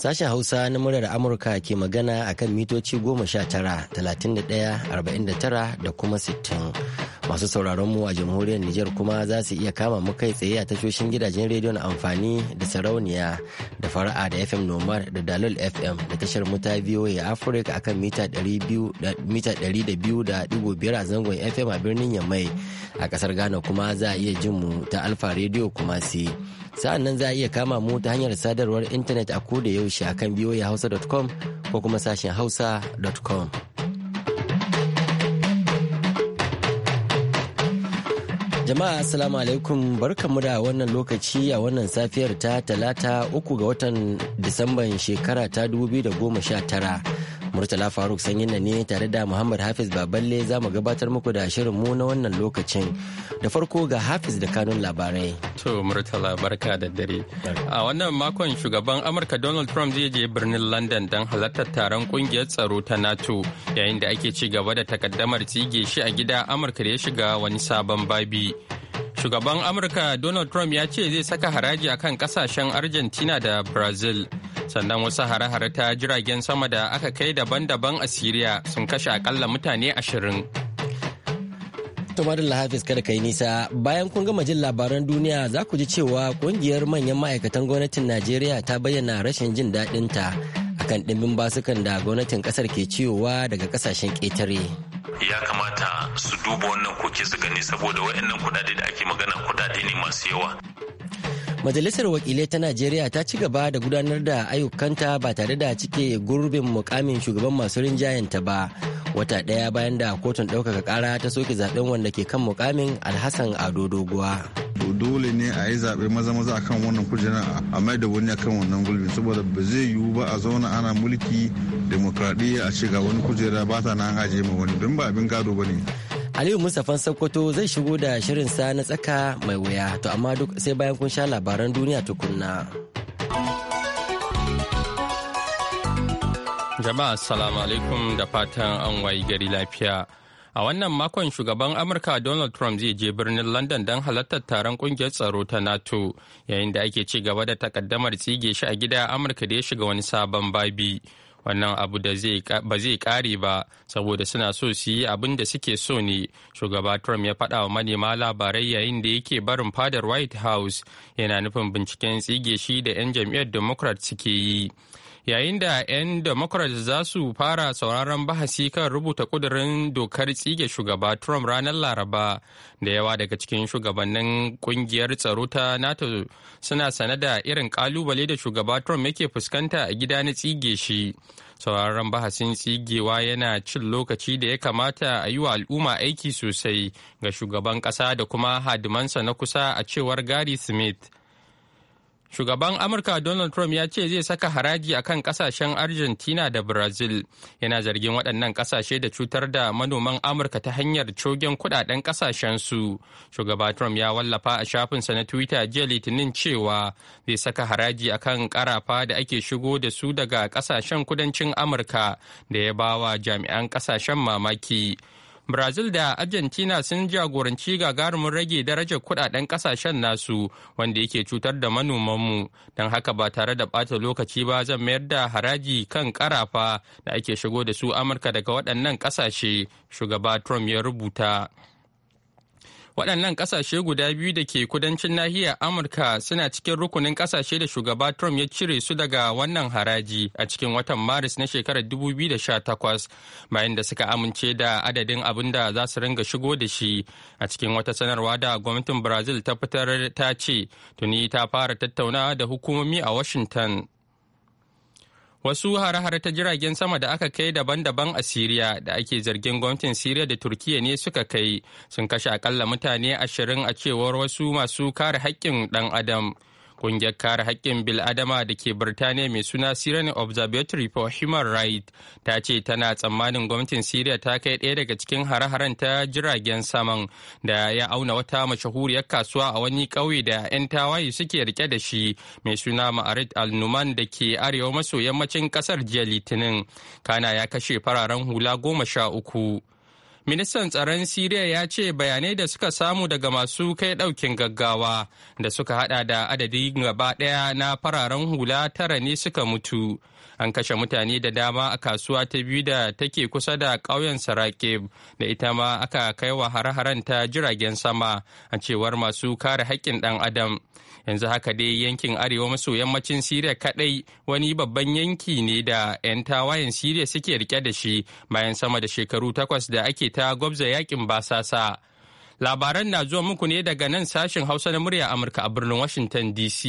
Sashen Hausa na muryar Amurka ke magana akan mitoci goma sha tara, talatin da ɗaya, arba'in da tara da kuma sittin. masu sauraron mu a jamhuriyar Nijar kuma za su iya kama mu kai tsaye a tashoshin gidajen rediyon amfani da sarauniya da fara'a da FM Nomad da Dalol FM da tashar muta VOA Africa akan mita da biyar a zangon FM a birnin Yamai a kasar Ghana kuma za a iya jin mu ta Alfa Radio kuma si. Sa'an nan za a iya kama mu ta hanyar sadarwar intanet a koda yaushe akan voahausa.com ko kuma sashen hausa.com. Jama'a Assalamu alaikum barkanmu da wannan lokaci a wannan safiyar ta talata uku ga watan Disamban shekara ta da goma sha tara. Murtala Faruk sanyin nan ne tare da Muhammad Hafiz Baballe za mu gabatar muku da shirin mu na wannan lokacin. Da farko ga Hafiz da kanun labarai. To Murtala barka da dare. A wannan makon shugaban Amurka Donald Trump zai je birnin London don halartar taron kungiyar tsaro ta NATO yayin da ake ci gaba da takaddamar tsige shi a gida Amurka da ya shiga wani sabon babi. Shugaban Amurka Donald Trump ya ce zai saka haraji a kan kasashen Argentina da Brazil. Sannan wasu hare-hare ta jiragen sama da aka kai daban-daban a Siriya sun kashe akalla mutane ashirin. Tumarin Lahafis kada ka yi nisa bayan kun gama jin labaran duniya za ku ji cewa kungiyar manyan ma'aikatan gwamnatin Najeriya ta bayyana rashin jin daɗinta akan ɗimbin basukan da gwamnatin ƙasar ke ciyowa daga ƙasashen ƙetare. ya kamata su duba wannan koke su gani saboda waɗannan kudade da ake magana kudade ne masu yawa Majalisar Wakilai ta Najeriya ta ci gaba da gudanar da ayyukanta ba tare da cike gurbin mukamin shugaban masu rinjayenta ba. Wata ɗaya bayan da kotun ɗaukaka ƙara ta soke zaɓen wanda ke kan mukamin Alhassan Ado Doguwa. dole ne a yi zaɓe maza maza akan wannan kujera a mai da wani akan wannan gulbi saboda ba zai yiwu ba a zauna ana mulki demokradiyya a ce ga wani kujera ba ta nan ajiye ma wani don ba abin gado ba ne. Aliyu Mustapha Sokoto zai shigo da shirin sa na tsaka mai wuya to amma duk sai bayan kun sha labaran duniya tukunna. Jama'a assalamu alaikum da fatan an wayi gari lafiya. A wannan makon shugaban Amurka Donald Trump zai je birnin London don halartar taron kungiyar tsaro ta NATO yayin da ake ci gaba da takaddamar tsige shi a gida Amurka da ya shiga wani sabon babi. Wannan abu da ba zai kare ba saboda suna so su yi abin da suke so ne. Shugaba Trump ya faɗa wa manema labarai yayin da yake barin fadar White House yana nufin binciken tsige shi da 'yan jam'iyyar Democrat suke yi. yayin da 'yan democrats za su fara sauraron bahasi kan rubuta kudirin dokar tsige shugaba trump ranar laraba da yawa daga cikin shugabannin kungiyar tsaro ta nato suna sane da irin kalubale da shugaba trump yake fuskanta a gida na tsige shi sauraron bahasin tsigewa yana cin lokaci da ya kamata a yi wa al'umma aiki sosai ga shugaban kasa da kuma hadimansa na kusa a cewar gary smith Shugaban Amurka Donald Trump ya ce zai saka haraji akan kasashen Argentina da Brazil. Yana zargin waɗannan ƙasashe da cutar da manoman Amurka ta hanyar cogen kudaden su Shugaba Trump ya wallafa a shafinsa na Twitter jiya Litinin cewa zai saka haraji akan karafa ƙarafa da ake shigo da su daga ƙasashen kudancin Amurka da ya bawa jami'an ƙasashen mamaki. Brazil da Argentina sun jagoranci gagarumin rage darajar kudaden kasashen nasu wanda yake cutar da manomanmu don haka ba tare da ɓata lokaci ba zan mayar da haraji kan karafa da ake shigo da su Amurka daga waɗannan ƙasashe shugaba Trump ya rubuta. waɗannan ƙasashe guda biyu da ke kudancin nahiyar amurka suna cikin rukunin ƙasashe da shugaba trump ya cire su daga wannan haraji a cikin watan maris na shekarar 2018 bayan da suka amince da adadin abin da za su ringa shigo da shi a cikin wata sanarwa da gwamnatin brazil ta fitar ta ce tuni ta fara tattaunawa da hukumomi a washington Wasu hare-hare ta jiragen sama da aka kai daban-daban a Siriya da ake zargin gwamnatin Siriya da Turkiyya ne suka kai sun kashe akalla mutane ashirin a cewar wasu masu kare haƙƙin ɗan adam. Ƙungiyar kare haƙƙin bil'adama da ke Birtaniya mai suna Syrian Observatory for Human Rights ta ce tana tsammanin gwamnatin Syria ta kai ɗaya daga cikin hare-haren ta jiragen saman da ya auna wata mashahuriyar kasuwa a wani ƙauye da 'yan tawaye suke rike da shi mai suna Ma'arit Al-Numan da ke arewa maso yammacin ƙasar jiya Litinin. Kana ya kashe fararen hula goma sha uku. ministan tsaron siriya ya ce bayanai da suka samu daga masu kai daukin gaggawa da suka hada da adadi gaba daya na fararen hula tara ne suka mutu an kashe mutane da dama a kasuwa ta biyu da take kusa da ƙauyen sarakeb da ita ma aka kai wa har haren ta jiragen sama a cewar masu kare haƙƙin ɗan adam yanzu haka dai yankin arewa maso yammacin siriya kadai wani babban yanki ne da 'yan tawayen siriya suke rike da shi bayan sama da shekaru takwas da ake ta gwabza yakin basasa labaran na zuwa muku ne daga nan sashen hausa na murya amurka a birnin washington dc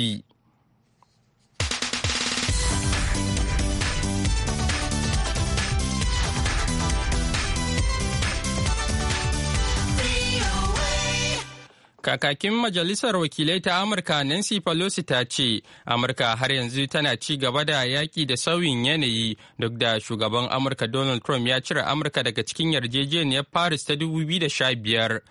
Kakakin Majalisar Wakilai ta Amurka Nancy Pelosi ta ce, Amurka har yanzu tana ci gaba da yaƙi da sauyin yanayi duk da shugaban Amurka Donald Trump ya cire Amurka daga cikin yarjejeniyar Paris ta 2015.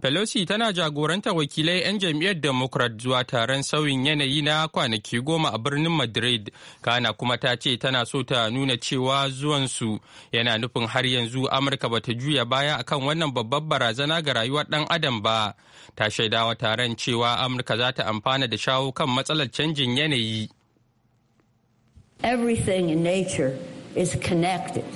Pelosi tana jagoranta wakilai 'yan jam'iyyar Democrat zuwa taron sauyin yanayi na kwanaki goma a birnin Madrid. Kana kuma ta ce tana so ta nuna cewa zuwansu yana nufin har yanzu Amurka ba ta juya baya akan wannan babbar barazana ga rayuwar ɗan adam ba. Ta shaidawa taron cewa Amurka za ta amfana da shawo kan matsalar canjin yanayi. Everything in nature is connected.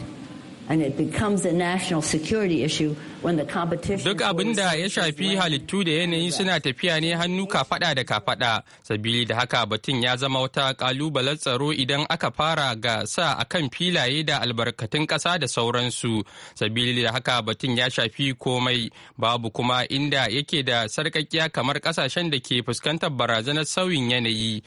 Duk abin da ya shafi halittu da yanayi suna tafiya ne hannu kafaɗa da kafaɗa, sabili da haka batun ya zama wata ƙalubalen tsaro idan aka fara ga sa a kan filaye da albarkatun ƙasa da sauransu, sabili da haka batun ya shafi komai babu kuma inda yake da sarƙaƙiya kamar ƙasashen da ke fuskantar barazanar sauyin yanayi.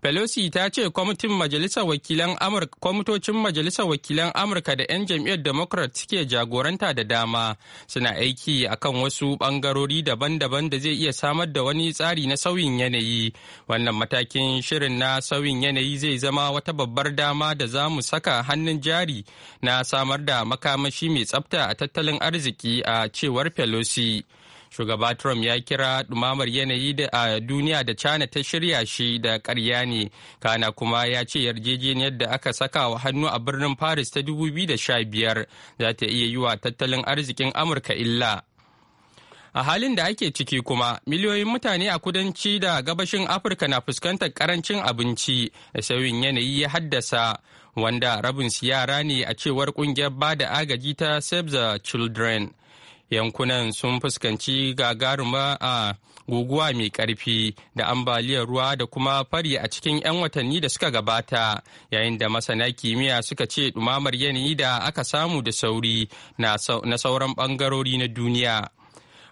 Pelosi ta ce kwamitin majalisar wakilan Amurka kwamitocin majalisar wakilan Amurka da 'yan jam'iyyar Democrat suke jagoranta da dama suna aiki akan wasu bangarori daban-daban da zai iya samar da wani tsari na sauyin yanayi. Wannan matakin shirin na sauyin yanayi zai zama wata babbar dama da za mu saka hannun jari na samar da makamashi mai tsafta a tattalin arziki a cewar Pelosi. shugaba trump ya kira dumamar yanayi a duniya da china ta shirya shi da karya ne kana kuma ya ce yarjejeniyar da aka saka wa hannu a birnin paris ta 2015 za ta iya yi wa tattalin arzikin amurka illa a halin da ake ciki kuma miliyoyin mutane a kudanci da gabashin afirka na fuskantar karancin abinci da sauyin yanayi ya haddasa wanda rabin yara ne a cewar kungiyar ba da agaji ta save the children yankunan sun fuskanci gagaruma a guguwa mai karfi da ambaliyar ruwa da kuma fari a cikin 'yan watanni da suka gabata yayin da masana kimiyya suka ce ɗumamar yanayi da aka samu da sauri na sauran ɓangarori na duniya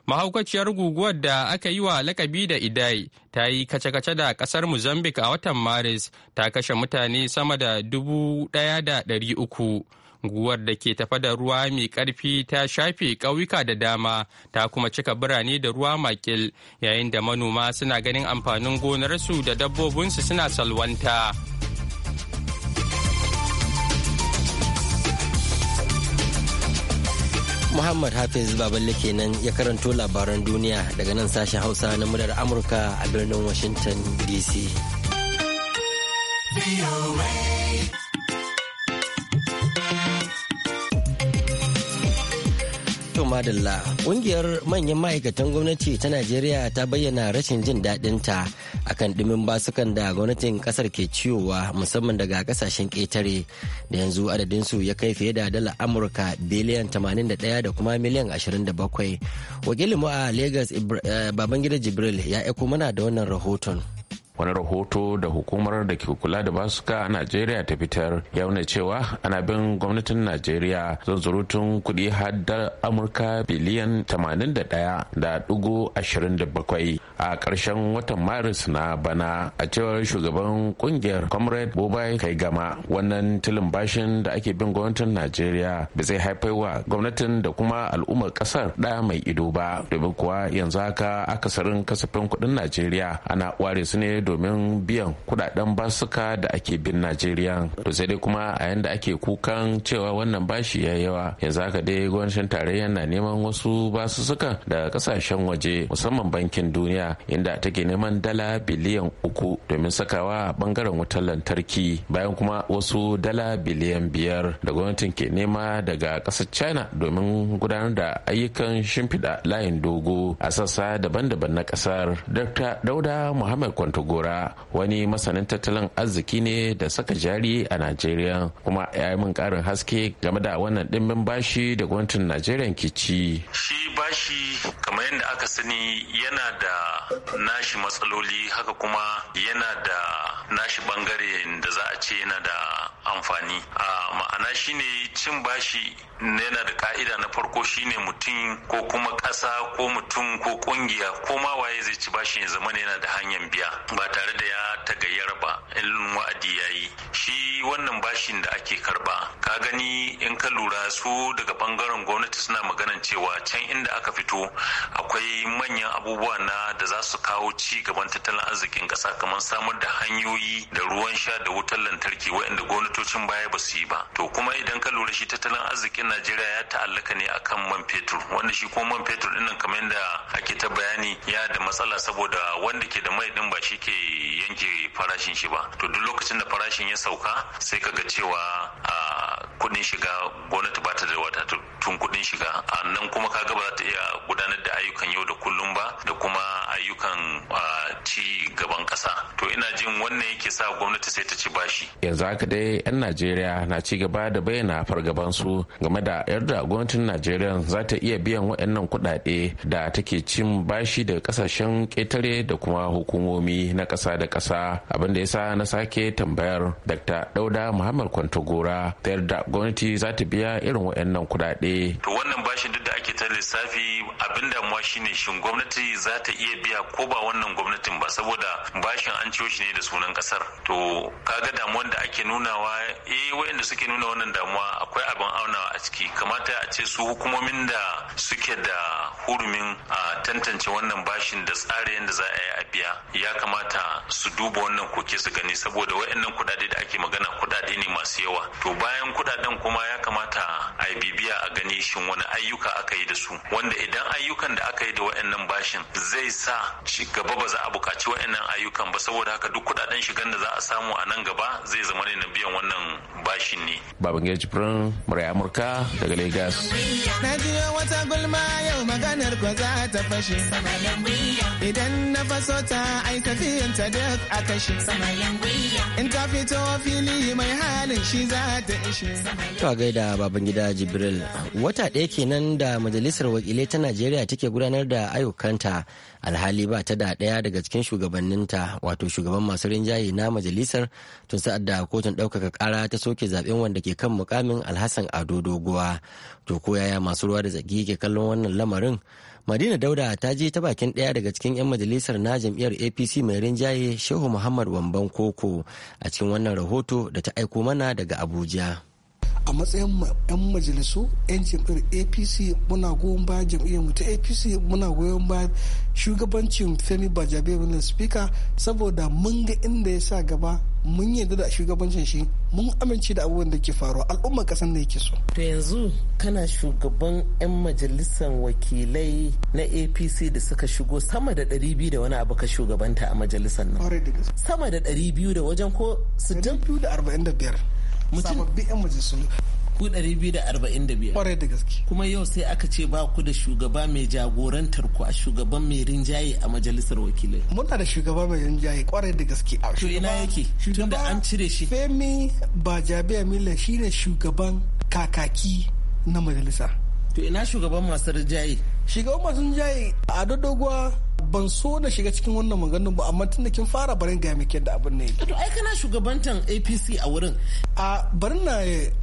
mahaukaciyar guguwar da aka yi wa lakabi da idai ta yi kace-kace da kasar mozambique a watan maris ta kashe mutane sama da dubu ɗaya da ɗari uku guguwar da ke tafa da ruwa mai ƙarfi ta shafe ƙauyuka da dama ta kuma cika birane da ruwa makil yayin da manoma suna ganin amfanin gonarsu da dabbobinsu suna salwanta. Muhammad Hafiz Baballe kenan ya karanto labaran duniya daga nan sashen Hausa na murar Amurka a birnin Washington DC. madalla ƙungiyar manyan ma'aikatan gwamnati ta najeriya ta bayyana rashin jin daɗinta akan ɗimin basukan da gwamnatin ƙasar ke ciyowa musamman daga ƙasashen ƙetare da yanzu adadinsu ya kai fiye da dala amurka biliyan 81 da kuma miliyan 27 wakilin mu a lagos eh, babangida jibril ya aiko mana da wannan rahoton wani rahoto da hukumar da ke kula da basuka a najeriya ta fitar ya nuna cewa ana bin gwamnatin najeriya zan zurutun kuɗi haddar amurka biliyan da 81.27 a ƙarshen watan maris na bana a cewar shugaban kungiyar comrade bobai kai gama wannan tilin bashin da ake bin gwamnatin najeriya ba zai haifai wa gwamnatin da kuma al'ummar ƙasar ɗaya mai ido ba domin kuwa yanzu haka akasarin kasafin kuɗin najeriya ana ware su ne domin biyan kudaden basuka da ake bin najeriya to sai dai kuma a yanda ake kukan cewa wannan bashi ya yawa yanzu haka dai gwamnatin tarayya na neman wasu basussukan da kasashen waje musamman bankin duniya inda take neman dala biliyan uku domin sakawa a bangaren wutar lantarki bayan kuma wasu dala biliyan biyar da gwamnatin ke nema daga kasar china domin gudanar da ayyukan shimfiɗa layin dogo a sassa daban-daban na kasar dr dauda muhammad kwantago gora wani masanin tattalin arziki ne da saka jari a najeriya kuma ya yi min karin haske game da wannan dimbin bashi da gwamnatin najeriya ke ci shi bashi kamar yadda aka sani yana da nashi matsaloli haka kuma yana da nashi bangare da za a ce yana da amfani a ma'ana shine cin bashi yana da ka'ida na farko shine mutum ko kuma ƙasa ko mutum ko kungiya ko ma waye zai ci bashi ya zama yana da hanyar biya ba tare da ya tagayyar ba ilimin wa'adi ya yi shi wannan bashin da ake karba ka gani in ka lura su daga bangaren gwamnati suna maganan cewa can inda aka fito akwai manyan abubuwa na da za su kawo ci gaban tattalin arzikin ƙasa kamar samar da hanyoyi da ruwan sha da wutar lantarki waɗanda gwamnati gwamnatocin baya ba su yi ba to kuma idan ka lura shi tattalin arzikin najeriya ya ta'allaka ne akan man fetur wanda shi ko man fetur nan kamar yadda ake ta bayani ya da matsala saboda wanda ke da mai din ba shi ke yanke farashin shi ba to duk lokacin da farashin ya sauka sai ka ga cewa a kudin shiga gwamnati ba ta da tun kudin shiga a nan kuma ka ba za ta iya gudanar da ayyukan yau da kullum ba da kuma ayyukan ci gaban kasa to ina jin wannan yake sa gwamnati sai ta ci bashi yanzu haka dai 'yan najeriya na ci gaba da bayyana fargabansu game da yarda gwamnatin najeriya za ta iya biyan waɗannan kuɗaɗe da take cin bashi daga kasashen ƙetare da kuma hukumomi na kasa da kasa abin da yasa na sake tambayar dr dauda muhammad kwantagora ta yarda gwamnati za ta biya irin waɗannan kuɗaɗe. to wannan bashin duk da ake ta lissafi abin damuwa shine shin gwamnati za ta iya biya ko ba wannan gwamnatin ba saboda bashin an ciyo shi ne da sunan kasar to kaga damuwan da ake nunawa eh wayanda suke nuna wannan damuwa akwai abin auna a ciki kamata a ce su hukumomin da suke da hurumin a tantance wannan bashin da tsara yadda za a yi a biya ya kamata su duba wannan koke su gani saboda wayannan kudade da ake magana kudade ne masu yawa to bayan kudaden kuma ya kamata a bibiya a gani shin wani ayyuka aka yi da su wanda idan ayyukan da aka yi da wayannan bashin zai sa ci gaba ba za a buƙaci wayannan ayyukan ba saboda haka duk kudaden shigan da za a samu a nan gaba zai zama ne na biyan wannan bashin ne. Babangida Jibrin murai Amurka daga Lagos. Na ji wata gulma yau maganar ko za ta fashe. Idan na faso ta ai ta duk a kashe. In ta fito fili mai halin shi za ta ishe. gida Jibril wata ɗaya kenan da Majalisar Wakilai ta Najeriya take gudanar da ayyukanta alhali ba ta da ɗaya daga cikin shugabanninta wato shugaban masu rinjaye na majalisar tun sa'ad da kotun ɗaukaka ƙara ta soke zaɓen wanda ke kan mukamin alhassan ado doguwa to ko yaya masu ruwa da zagi ke kallon wannan lamarin madina dauda ta je ta bakin ɗaya daga cikin 'yan majalisar na jam'iyyar apc mai rinjaye shehu muhammad wamban koko a cikin wannan rahoto da ta aiko mana daga abuja a matsayin yan majalisu yan jam'iyyar apc muna goyon baya jam'iyyar mu ta apc muna goyon baya shugabancin femi bajabe wannan speaker saboda mun ga inda ya sa gaba mun yarda da shugabancin shi mun amince da abubuwan da ke faruwa al'ummar kasan da yake so to yanzu kana shugaban yan majalisar wakilai na apc da suka shigo sama da 200 da wani abu ka shugabanta a majalisar nan sama da 200 da wajen ko 60 sababbi yan majalisun ku 245 kwarai da gaske kuma yau sai aka ce ba ku da shugaba mai jagorantar ku a shugaban mai rinjaye a majalisar wakilai muna da shugaba mai rinjaye kwarai da gaske a to ina yake tun da an cire shi femi bajabiya mila shine shugaban kakaki na majalisa to ina shugaban masu rinjaye shugaban masu rinjaye a dodogwa ban so na shiga cikin wannan maganin ba amma tun da kin fara barin ga miki da abin ne to ai kana shugabantan APC a wurin a barin na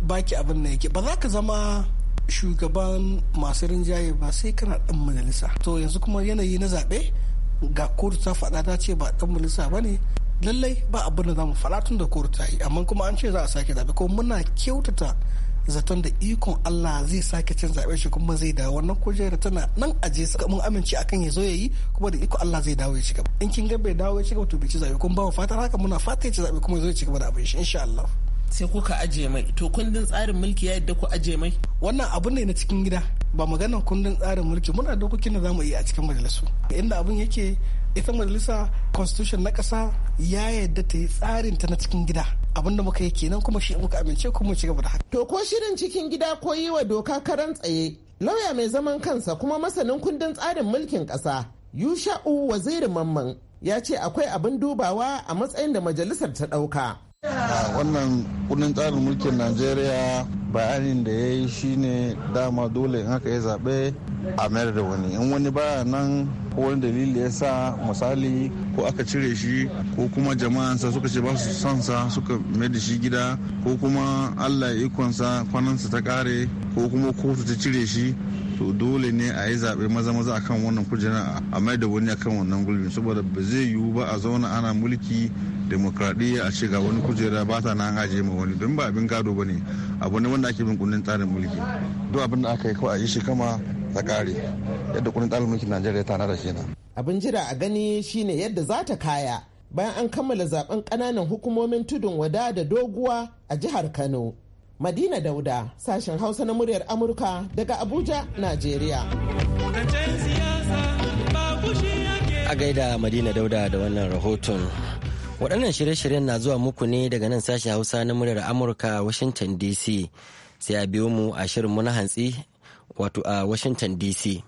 baki abin ne yake ba za ka zama shugaban masu rinjaye ba sai kana dan majalisa to yanzu kuma yanayi na zaɓe ga kotu ta faɗa ta ce ba dan majalisa ba ne lallai ba abin da za mu faɗa tun da kotu ta yi amma kuma an ce za a sake zabe kuma muna kyautata zaton da ikon Allah zai sake cin zaɓe shi kuma zai dawo wannan kujera tana nan aje su mun amince akan ya zo ya yi kuma da ikon Allah zai dawo ya ci gaba in kin ga bai dawo ya ci gaba to bai ci zaɓe kuma ba fatan haka muna fata ya ci zaɓe kuma ya zo ya ci gaba da abin shi insha Allah sai kuka aje mai to kundin tsarin mulki ya yadda ku aje mai wannan abu ne na cikin gida ba maganar kundin tsarin mulki muna dokokin da zamu yi a cikin majalisu inda abun yake ita majalisa constitution na ƙasa ya yadda ta yi tsarin ta na cikin gida abin da muka yi kenan kuma shi muka amince kuma mu ci gaba da haka. To ko shirin cikin gida ko yi wa doka karan tsaye lauya mai zaman kansa kuma masanin kundin tsarin mulkin ƙasa Yusha'u Waziri Mamman ya ce akwai abin dubawa a matsayin da majalisar ta ɗauka. wannan kudin tsarin mulkin najeriya bayanin da ya yi shine dama dole in haka ya zaɓe a mayar da wani in wani baya nan ko wani dalili ya sa misali ko aka cire shi ko kuma jama'ansa suka ce ba su son sa suka mai da shi gida ko kuma allah ikonsa kwanansa ta kare ko kuma kotu ta cire shi to dole ne a yi zaɓe maza maza akan wannan kujerar a mai da wani akan wannan gulbin saboda ba zai yiwu ba a zauna ana mulki demokradiyya a ce ga wani kujera ba ta nan haje ma wani don ba abin gado ba ne abu ne wanda ake bin kundin tsarin mulki duk abin da aka yi kawai a yi shi kama ta kare yadda kundin tsarin mulkin najeriya ta nada kenan abin jira a gani shine yadda za ta kaya bayan an kammala zaben kananan hukumomin tudun wada da doguwa a jihar kano Madina Dauda, sashen Hausa na muryar Amurka daga Abuja, Najeriya. A gaida Madina Dauda da wannan rahoton. Waɗannan shirye-shiryen na zuwa muku ne daga nan sashen Hausa na muryar Amurka, Washington DC. Sai a biyo mu a shirinmu na hantsi, wato a Washington DC.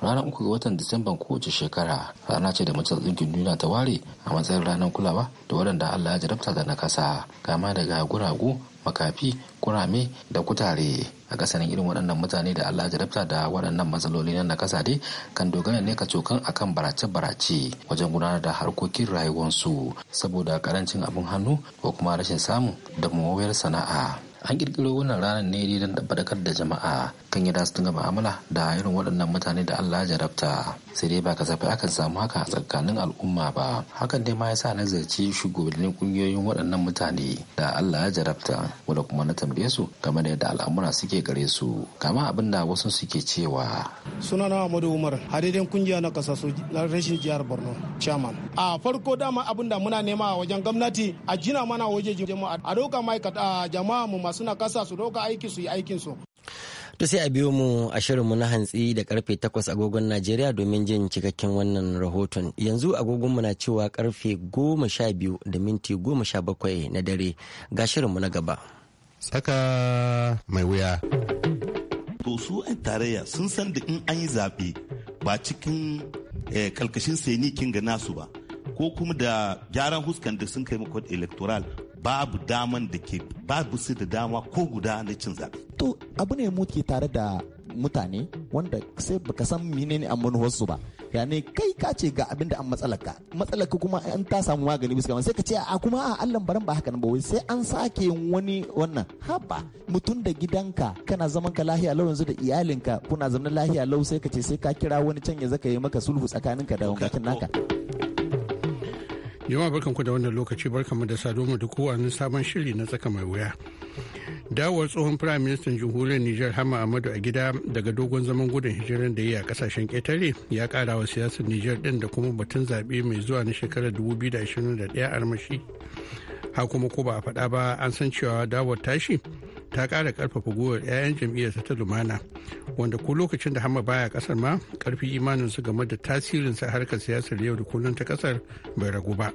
ranar uku ga watan disamban kowace shekara rana ce da majalisar tsinkin duniya ta ware a matsayin ranar kulawa da waɗanda allah ya jarabta da nakasa kama daga guragu makafi kurame da kutare a kasarin irin waɗannan mutane da Allah jarabta da waɗannan matsaloli na nakasa dai kan dogara ne ka a kan barace-barace wajen gudanar da harkokin rayuwarsu saboda karancin abin hannu ko kuma rashin samu da mawayar sana'a an kirkiro wannan ranar ne don tabbatar da jama'a kan yadda su dinga ma'amala da irin waɗannan mutane da Allah jarabta sai dai ba kasafai akan samu haka a tsakanin al'umma ba hakan dai ma ya sa nazarci shugabannin kungiyoyin waɗannan mutane da Allah ya jarabta wanda kuma na tambaye su game da yadda al'amura suke gare su kama abin da wasu suke cewa sunana Ahmadu Umar daidai kungiya na kasa na rashin jihar Borno chairman a farko dama abin da muna nema a wajen gwamnati a jina mana waje jama'a a doka ma'aikata jama'a mu masu kasa su roka aiki su yi aikin su to sai a biyo mu a mu na hantsi da karfe 8 agogon Najeriya domin jin cikakken wannan rahoton. Yanzu agogonmu na cewa karfe 12 da minti 17 na dare ga shirinmu na gaba. saka mai wuya. To su ai tarayya sun san da in an yi zaɓe ba cikin eh, kalkashin sayani kin ga nasu ba ko kuma da gyaran huskan da sun kai makon electoral babu daman da ke babu su da dama ko guda na cin zaɓe. To abu ne mu ke tare da mutane wanda sai baka san menene an manuwarsu ba yani kai ka ce ga abin da an matsalaka matsalaka kuma an ta samu magani bisa sai ka ce a kuma a Allah baran ba haka ba wai sai an sake yin wani wannan haba mutum da gidanka kana zaman ka lahiya lau yanzu da iyalinka kuna zaman lahiya lau sai ka ce sai ka kira wani can ya zaka yi maka sulhu tsakaninka da wangakin naka. Jama'a barkanku da wannan lokaci barkanmu da sado mu da kowane sabon shiri na tsaka mai wuya. Dawowar tsohon prime minister Jamhuriyar Nijar Hama Ahmadu a gida daga dogon zaman gudun hijirar da ya yi a kasashen ƙetare ya kara wa siyasar niger ɗin da kuma batun zaɓe mai zuwa na shekarar 2021 armashi. Ha kuma ko ba a faɗa ba an san cewa dawowar tashi ta kara karfafa gwiwar 'ya'yan jam'iyyarsa ta lumana wanda ko lokacin da hama baya kasar ma karfi imaninsu game da tasirin sa harkar siyasar yau da kullum ta kasar bai ragu ba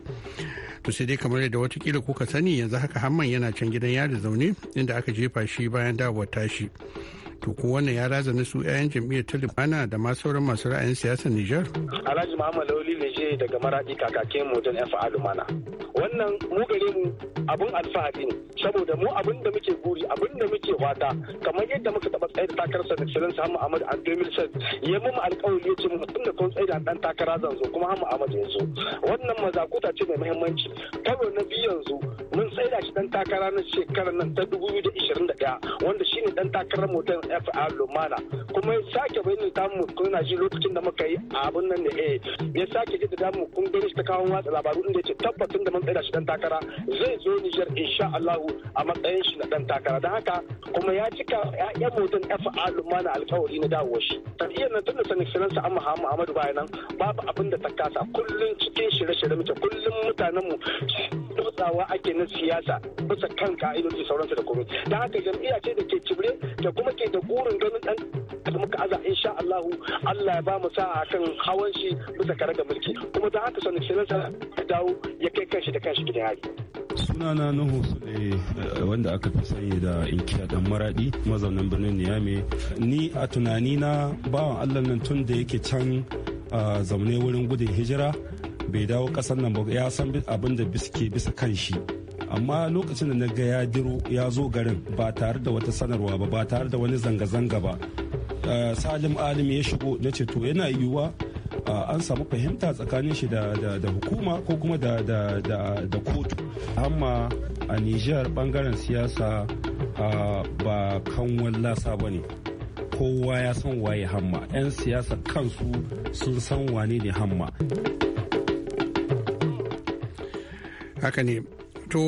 to sai dai kamar yadda watakila kuka sani yanzu haka hamman yana can gidan yari zaune inda aka jefa shi bayan dawowar tashi to ko wannan ya razana su 'ya'yan jam'iyyar lumana da ma sauran masu ra'ayin siyasar nijar alhaji muhammad lauli ne daga maradi kakakin mutum yan lumana wannan mu gare mu abin alfahari ne saboda mu abin da muke guri abin da muke fata kamar yadda muka taba tsaye da takarar sa excellence Hamma Ahmad a 2007 ya mu alƙawari ya ce mu tunda kun tsaye da dan takara zanzu kuma Hamma Ahmad ya zo wannan mazakuta ce mai muhimmanci karo na biyu yanzu mun tsaye da shi dan takara na shekarar nan ta 2021 wanda shine dan takarar motar FR Lumana kuma ya sake bayyana ta mu kuna ji lokacin da muka yi abin nan ne eh ya sake da mu kun gani ta kawo watsa labaru inda ya ce tabbatun da mun tsaye shi dan takara zai zo Nijar insha Allah a matsayin shi na dan takara dan haka kuma ya cika ya mutum FA lumana alkawari na dawo shi tafiyar nan tun da sanin sanarsa amma Muhammadu bayanan babu abin da ta kasa kullun cikin shirye-shirye muke kullun mutanen mu dotsawa ake na siyasa bisa kan ka'idoji sauransu da komai da haka jam'iyya ce da ke cibre da kuma ke da gurin ganin dan da muka aza insha Allahu Allah ya ba mu sa'a kan hawan shi bisa kare ga mulki kuma da haka sanin ya dawo ya kai kanshi da kanshi gida sunana nuhu sule eh, wanda aka fi sani da inkiya dan maradi mazaunin birnin niyame ni a tunani na bawan allah nan tun da yake can a zaune wurin gudun hijira bai dawo kasar nan ba ya san abin da ke bisa kan shi amma lokacin da na ga ya diro ya zo garin ba tare da wata sanarwa ba ba tare da wani zanga-zanga ba eh, salim alim ya shigo na ce to yana yiwuwa an samu fahimta tsakanin shi da hukuma ko kuma da kotu amma a nijar bangaren siyasa ba kan lasa ba ne kowa ya san waye hamma 'yan siyasa kansu sun san wane ne hamma haka ne to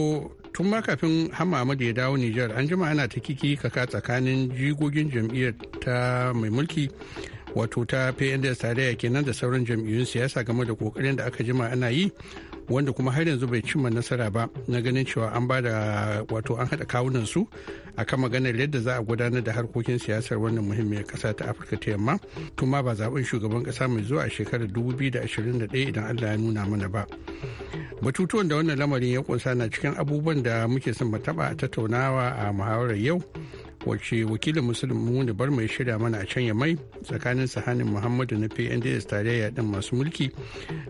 tun ma kafin hamamadu ya dawo Nijar an jima ana ta kiki kaka tsakanin jigogin jam'iyyar ta mai mulki wato ta pnds tarayya kenan da sauran jam'iyyun siyasa game da kokarin da aka jima ana yi wanda kuma har yanzu bai cimma nasara ba na ganin cewa an ba da wato an haɗa kawunan su akan maganar yadda za a gudanar da harkokin siyasar wannan muhimmiyar ƙasa ta afirka ta yamma tuma ba zaɓen shugaban kasa mai zuwa a shekarar 2021 idan allah ya nuna mana ba batutuwan da wannan lamarin ya kunsa na cikin abubuwan da muke son mu taɓa tattaunawa a muhawarar yau wacce wakilin musulun muni bar mai shirya mana a can ya mai tsakanin sahanin muhammadu na pnds tarayya din masu mulki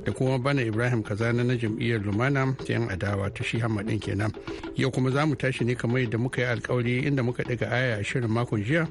da kuma bana ibrahim kazana na jam'iyyar lumana ta yan adawa ta shi hamadin kenan yau kuma za mu tashi ne kamar yadda muka yi alkawari inda muka daga aya a shirin makon jiya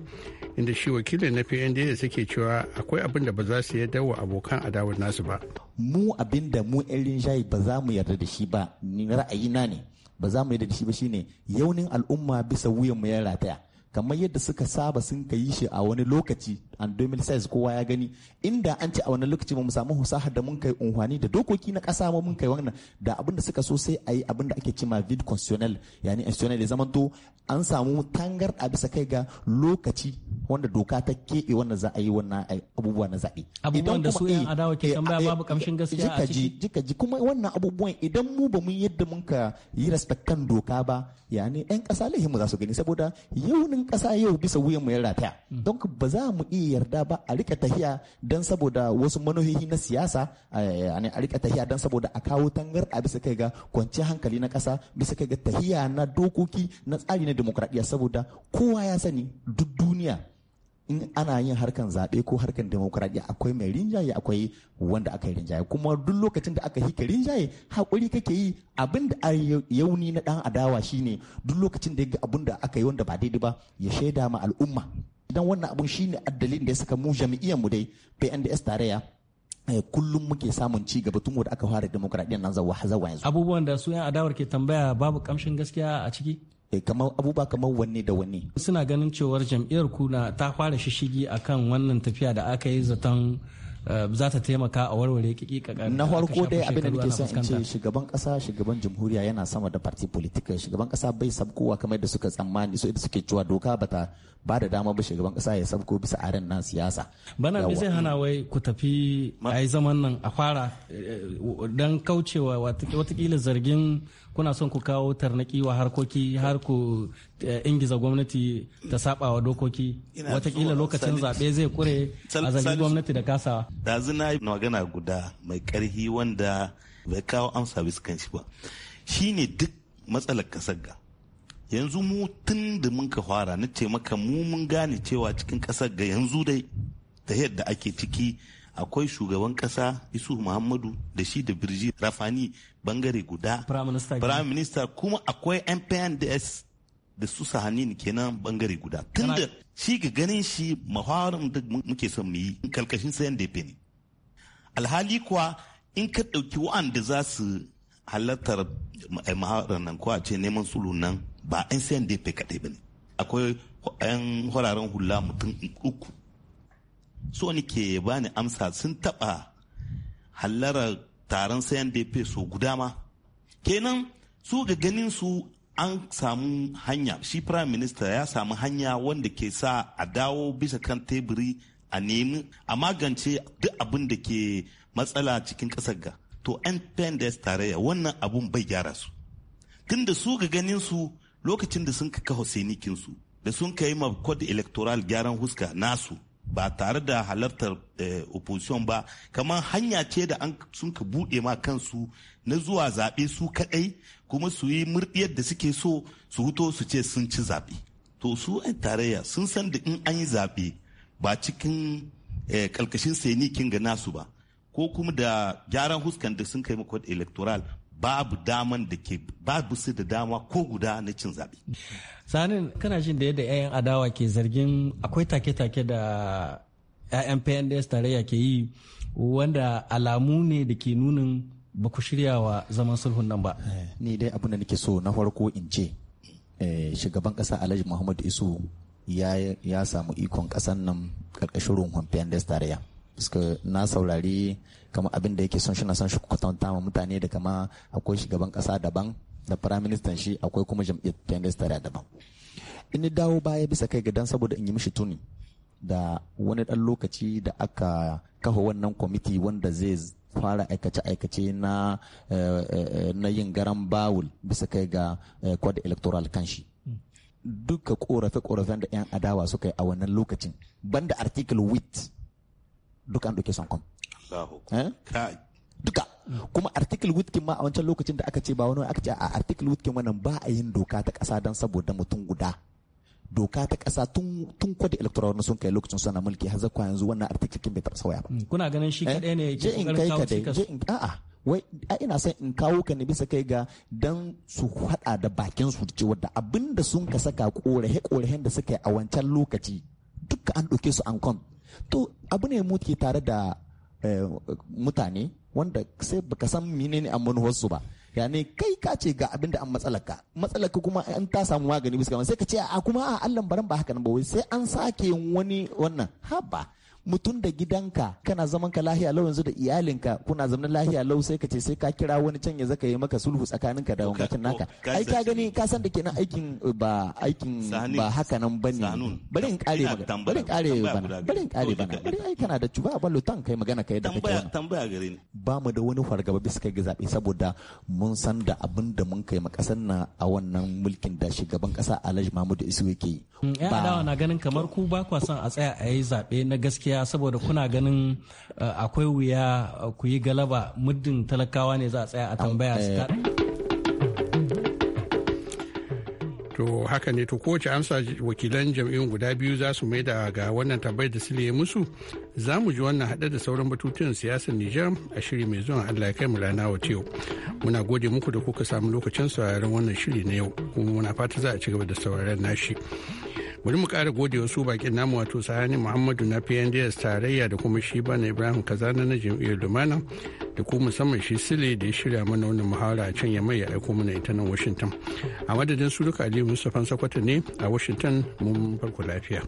inda shi wakilin na pnds suke cewa akwai abin da ba za su yarda wa abokan adawar nasu ba mu abin da mu yan rinjaye ba za mu yarda da shi ba ra'ayina ne ba za mu yarda da shi ba shine yaunin al'umma bisa wuyan mu ya rataya kamar yadda suka saba sun ka yi shi a wani lokaci an 2006 kowa ya gani inda an ce a wani lokaci mu samu husaha da mun kai unhwani da dokoki na kasa ma mun kai wannan da abin da suka so sai a yi abin da ake cima vid constitutional yani constitutional ya zamanto an samu tangar a bisa kai ga lokaci wanda doka ta keɓe wanda za a yi wannan abubuwa na zaɓe. Abubuwan da su yan eh, adawa ke eh, tambaya eh, babu kamshin gaskiya a ciki. Jika ji kuma wannan abubuwan idan mu ba mun yadda mun ka yi respect kan doka ba yani 'yan ƙasa laihin mu za su gani saboda yaunin ƙasa yau bisa wuyan mu ya rataya mm. don ba za mu iya yarda ba a rika tahiya don saboda wasu manohihi na siyasa a rika tahiya don saboda a kawo tangar a bisa kai ga kwanciyar hankali na ƙasa bisa kai ga tahiya na dokoki na tsari na demokradiyya saboda kowa ya sani duk duniya in ana yin harkan zaɓe ko harkan demokuraɗiyya akwai mai rinjaye akwai wanda aka yi rinjaye kuma duk lokacin da aka hika rinjaye haƙuri kake yi abin da a yauni na ɗan adawa shine duk lokacin da ya ga abin da aka yi wanda ba daidai ba ya shaida ma al'umma idan wannan abun shine addalin da ya saka mu jami'iyyar mu dai PNDS tarayya eh, kullum muke samun ci gaba tun da aka fara demokradiyyar nan zawa yanzu abubuwan da su yan adawar ke tambaya babu kamshin gaskiya a ciki kamar abubuwa kamar wanne da wanne suna ganin cewar jam'iyyar kuna ta fara shishigi a kan wannan tafiya da aka yi zaton eh, za ta taimaka a warware kikika na farko dai abin da nake son in ce shugaban kasa shugaban jamhuriya yana sama da party politika shugaban kasa bai sabkowa kamar da suka tsammani so idan suke cewa doka bata ba da dama ba shugaban kasa ya sabko bisa aren na siyasa bana bi zai hana wai ku tafi ai zaman nan a fara eh, eh, dan kaucewa watakila zargin kuna son ku kawo tarnaki wa harkoki har ku eh, ingiza gwamnati ta saba wa dokoki watakila lokacin zaɓe zai kure a gwamnati da kasawa. dazu na yi magana guda mai karhi wanda bai kawo amsa bisa kan shi ba Shi ne duk matsalar kasar ga yanzu mu tun da mun ka fara na ce maka mu mun gane cewa cikin kasar ga yanzu dai da yadda ake ciki akwai shugaban kasa isu muhammadu da shi da birji rafani bangare guda prime minister kuma akwai mpns da su sahanin kenan bangare guda tunda shi ga ganin shi mahawarin da muke son mu yi kalkashin sayan da ne alhali kuwa in ka ɗauki wa'anda za su halartar mahawarar nan kuwa ce neman sulu nan ba 'yan sayan da kaɗai ba ne akwai 'yan hararen hula mutum uku so ni ke bani amsa sun taɓa halarar taron sayan da so guda ma kenan su ga ganin su an samu hanya shi prime minister ya samu hanya wanda ke sa a dawo bisa kan teburi a nemi a magance duk abin da ke matsala cikin kasar ga to 'yan pendes tarayya wannan abun bai gyara su tun da su ga ganin su lokacin da sun kaka hosenikinsu da sun kai ma code electoral gyaran huska nasu ba tare da halartar eh, opposition ba kamar hanya ce da an sun ka buɗe ma kansu na zuwa zaɓe su kaɗai kuma su yi murɗiyar da suke so su huto su ce sun ci zaɓe to su 'yan tarayya sun san da in an yi zaɓe ba cikin kalkashin eh, sayanikin ga nasu ba ko kuma da gyaran huskan da sun kai makon electoral babu daman da ke babu su da dama ko guda na cin zaɓe. sanin kana jin da yadda 'ya'yan adawa ke zargin akwai take-take da 'ya'yan pnds tarayya ke yi wanda alamu ne da ke nunin ba ku shirya wa zaman sulhun nan ba eh, ni dai abin da nake so na farko in ce eh, shugaban ƙasa alhaji muhammadu isu ya samu ikon ƙasan nan ƙarƙashin ruhun pnds tarayya suka na saurari kama abin da yake son shi na son shi kwatanta ma mutane da kama akwai shugaban kasa daban da minister shi akwai kuma jam'iyyar PNDS tare daban in dawo baya bisa kai gidan saboda in yi mishi tuni da wani dan lokaci da aka kafa wannan kwamiti wanda zai fara aikace-aikace na eh, eh, na yin garan bawul bisa kai ga kwada eh, electoral kanshi duka korafe-korafen da 'yan adawa suka yi a wannan lokacin banda article wit. duka an son kom. Eh? duka kuma article witkin ma a wancan lokacin da aka ce ba wani aka ce a article witkin wannan ba a yin doka ta ƙasa don saboda mutum guda doka ta ƙasa tun kwadi electoral na sun kai lokacin suna mulki har zakwa yanzu wannan article kin bai taɓa sauya ba hmm, kuna ganin shi kaɗai ne ke eh? in kai kadai je in a'a wai a ina son in kawo ka ne bisa kai ga dan su haɗa da bakin su cewa da abinda sun ka saka korahe korahen da suka yi a wancan lokaci duka an ɗauke su an kom. to abu ne muke tare da eh, mutane wanda sai baka san menene a manuwarsu ba yani kai ka ce ga abin da an matsalaka matsalaka kuma an ta samu magani bisa sai ka ce a kuma a allan baran ba haka nan ba sai an sake wani wannan haba mutum da gidanka kana zaman ka lahiya lau yanzu da iyalinka kuna zaman lahiya lau sai ka ce sai ka kira wani can ya zaka yi maka sulhu tsakanin ka da wangakin naka oh, ai ka gani ka san da kenan aikin eh, ba aikin ba haka nan bane bari in kare maka bari in kare bana bari in kare bana bari ai kana da cuba ban lutan kai magana kai da kake tambaya gare ni ba mu da wani fargaba bisa kai zabe saboda mun san da abin da mun kai makasar na a wannan mulkin da shugaban kasa Alhaji Mahmud Isu yake yi mm, ba na ganin kamar ku ba kwa son a tsaya a yi zabe na gaskiya wuya saboda kuna ganin eh, akwai wuya eh, ku yi galaba muddin talakawa ne za a tsaya a tambaya su eh. to haka ne to kowace amsa wakilan jam'iyyun guda biyu za su da ga wannan tambayar da sile musu za mu ji wannan haɗe da sauran batutuwan siyasar nijar a shiri mai zuwa allah kai mu rana wa yau muna gode muku da kuka samu lokacin sauraron wannan shiri na yau kuma muna fata za a ci gaba da sauraron nashi bari mu kara gode wasu bakin namu wato sahani muhammadu na pnds tarayya da kuma shi bana ibrahim kazana na jam'iyyar lumana da ku musamman shi sile da ya shirya mana wani muhawara a can ya mai ya aiko mana ita nan washington a madadin su duka aliyu mustapha sakwata ne a washington mun farko lafiya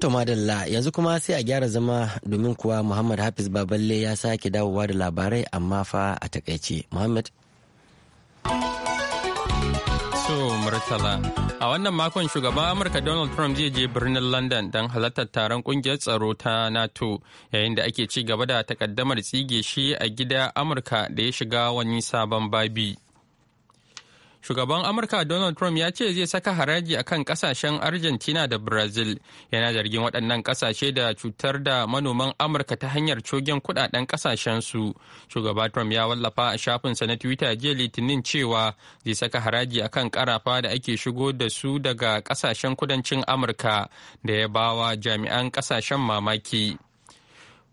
to madalla yanzu kuma sai a gyara zama domin kuwa muhammad hafiz baballe ya sake dawowa da labarai amma fa a takaice muhammad Murtala. A wannan makon shugaban Amurka Donald Trump zai je birnin London don halartar taron kungiyar tsaro ta NATO yayin da ake ci gaba da takaddamar tsige shi a gida Amurka da ya shiga wani sabon babi. shugaban amurka donald trump ya ce zai saka haraji akan kasashen argentina da brazil yana zargin waɗannan ƙasashe da cutar da manoman amurka ta hanyar cogen kudaden su shugaba trump ya wallafa a shafinsa na twitter jiya litinin cewa zai saka haraji akan ƙarafa da ake shigo da su daga ƙasashen kudancin amurka da ya bawa jami'an ƙasashen mamaki.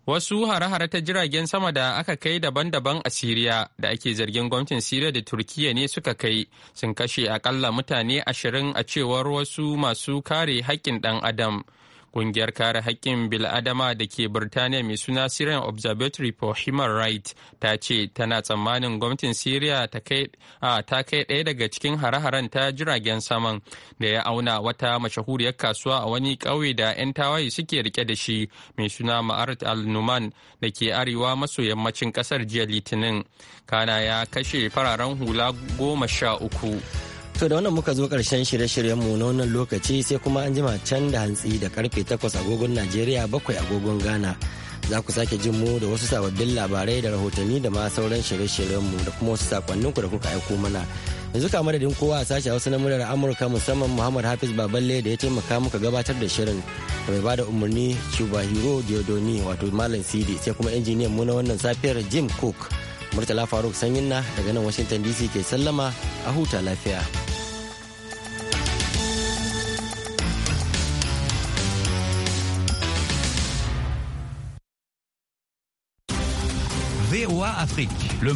Wasu hare-hare ta jiragen sama da aka kai daban-daban a Siriya da ake zargin gwamnatin Siriya da Turkiyya ne suka kai sun kashe akalla mutane ashirin a cewar wasu masu kare haƙƙin ɗan Adam. Ƙungiyar kare haƙƙin bil'adama da ke Birtaniya mai suna Syrian Observatory for Human Rights ta ce tana tsammanin gwamnatin Syria ta kai ɗaya daga cikin hare-haren ta jiragen saman da ya auna wata mashahuriyar kasuwa a wani ƙauye da 'yan tawaye suke rike da shi mai suna Ma'arat al-Numan da ke arewa maso yammacin ƙasar jiya Litinin. Kana ya kashe fararen hula goma sha uku. To da wannan muka zo karshen shirye-shiryenmu na wannan lokaci sai kuma an jima can da hantsi da karfe takwas agogon Najeriya bakwai agogon Ghana. Za ku sake jin mu da wasu sababbin labarai da rahotanni da ma sauran shirye-shiryenmu da kuma wasu sakonninku da kuka aiko mana. Yanzu ka madadin kowa a sashe wasu na Amurka musamman Muhammad Hafiz Baballe da ya taimaka muka gabatar da shirin da mai bada umarni Cuba Hero Diodoni wato Malam Sidi sai kuma injiniyan mu na wannan safiyar Jim Cook. Murtala Faruk Sanyinna daga nan Washington DC ke sallama a huta lafiya. VOA Afrique. Le